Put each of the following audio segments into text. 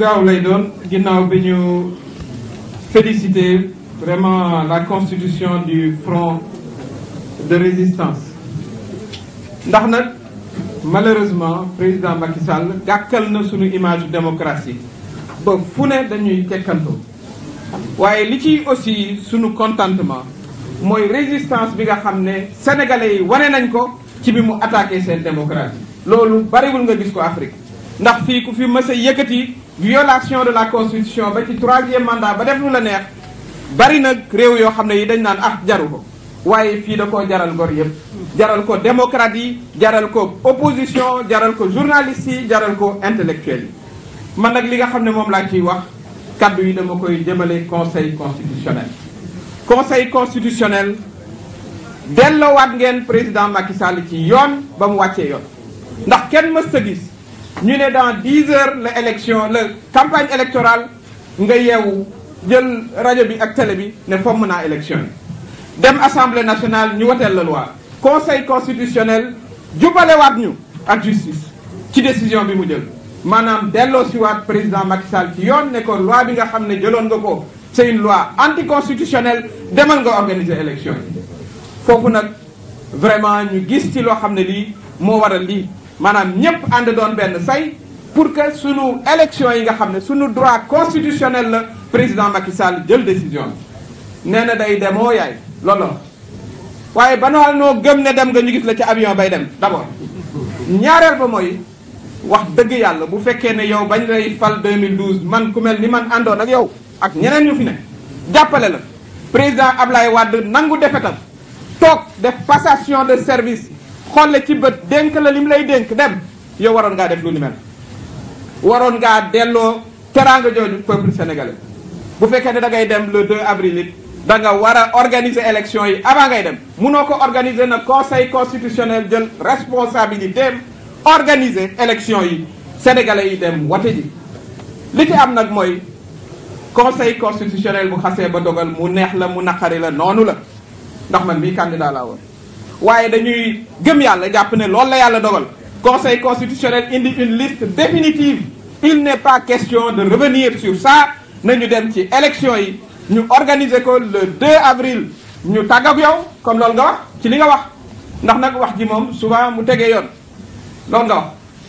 gaaw lay doon ginnaaw bi ñu féliciter vraiment la constitution du front de résistance ndax nag malheureusement président Macky Sall gàkkal na suñu image démocratie ba fu ne dañuy tekkantoo waaye li ci aussi sunu contentement mooy résistance bi nga xam ne sénégalais yi wane nañ ko ci bi mu attaque seen démocratie loolu bariwul nga gis ko Afrique ndax fii ku fi mës a violation de la constitution ba ci troisième mandat ba def lu la neex bari nag réew yoo xam ne yi dañ naan ak ah, jaru ko waaye fii da koo jaral gor yëpp jaral ko démocrate yi jaral ko opposition jaral ko journaliste yi jaral ko intellectuel yi man nag li nga xam ne moom laa ciy wax kàddu yi dama koy jëmale conseil constitutionnel conseil constitutionnel delloowaat ngeen président Macky Sall ci yoon ba mu wàccee yoon ndax kenn mës a gis ñu ne dans dix heures la élection la campagne électorale nga yeewu jël rajo bi ak télé bi ne fomm naa élection yi dem assemblée nationale ñu woteel la loi conseil constitutionnel jubalewaat ñu ak justice ci décision bi mu jël maanaam delloo siwaat président Macky Sall ci yoon ne ko loi bi nga xam ne jëloon nga ko c'est une loi anticonstitutionnelle demal nga organiser élection yi foofu nag vraiment ñu gis ci loo xam ne lii moo waral lii maanaam ñëpp ànd doon benn say pour que suñu élection yi nga xam ne suñu droit constitutionnel la président Macky Sall jël décision bi nee na day demoo oh yaay looloo waaye ba noal noo gëm ne dem nga ñu gis la ci avion bay dem d'abord ñaareel ba mooy wax dëgg yàlla bu fekkee ne yow bañ lay fal 2012 man ku mel ni man àndoon ak yow ak ñeneen ñu fi ne jàppale la président Ablaye Wade nangu defetam toog def passation de service xool la ci bët dénk la lim lay dénk dem yow waroon ngaa def lu ni waroon ngaa delloo teraanga jooju peuple sénégalais bu fekkee ne da ngay dem le 2 avril it danga war a organiser élection yi avant ngay dem munoo ko organiser na conseil constitutionnel jël responsabilité organiser élection yi sénégalais yi dem wate ji li ci am nag mooy conseil constitutionnel bu xasee ba dogal mu neex la mu naqari la noonu la ndax man mii candidat laa woon waaye dañuy gëm yàlla jàpp ne loolu la yàlla dogal conseil constitutionnel indi une liste définitive il n'est pas question de revenir sur na ñu dem ci élection yi ñu organiser ko le 2 avril ñu tàgg yow comme loolu nga wax ci li nga wax ndax nag wax ji moom souvent mu tegee yoon loolu nga wax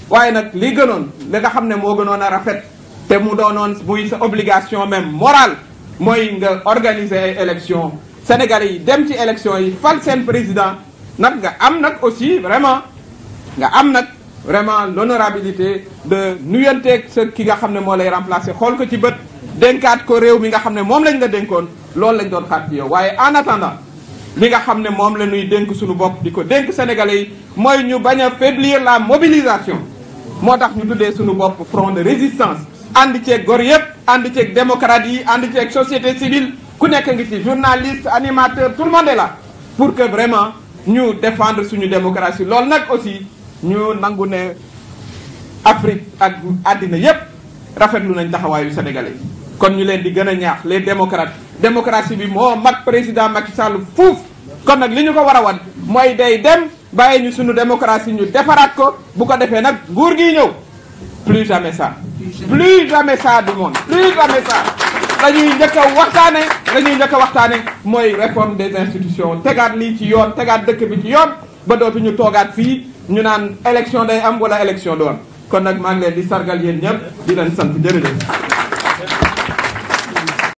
waaye nag li gënoon li nga xam ne moo gënoon a rafet te mu doonoon muy sa obligation même morale mooy nga organiser ay élection sénégalais yi dem ci élection yi fal seen président nag nga am nag aussi vraiment nga am nag vraiment l'honorabilité de nuyanteeg sa ki nga xam ne moo lay remplacer xool ko ci bët denkaat ko réew mi nga xam ne moom lañ nga denkoon loolu lañ doon xaat ci yow waaye en attendant li nga xam ne moom la ñuy dénk suñu bopp di ko dénk sénégalais yi mooy ñu bañ a faiblir la mobilisation moo tax ñu tuddee suñu bopp front de résistance ànd ceeg gor yëpp ànd ceeg démocrate yi ànd ceeg société civile ku nekk ngi ci animateur tout le monde pour que vraiment ñu défendre suñu démocratie loolu nag aussi ñu nangu ne Afrique ak àddina yépp rafetlu nañ taxawaayu sénégalais kon ñu leen di gën a ñaax les democrate démocratie bi moo mat président Macky Sall fuuf kon nag li ñu ko war a wan mooy day dem bàyyi ñu suñu démocratie ñu defaraat ko bu ko defee nag nguur gi ñëw plus jamais ça plus jamais ça du monde plus jamais ça la ñuy njëkk a waxtaane la ñuy njëkk a waxtaane mooy réforme des institutions tegaat lii ci yoon tegaat dëkk bi ci yoon ba dootuñu toogaat fii ñu naan élection day am wala élection du kon nag maa ngi leen di sargal yéen ñëpp di leen sant jërëjëf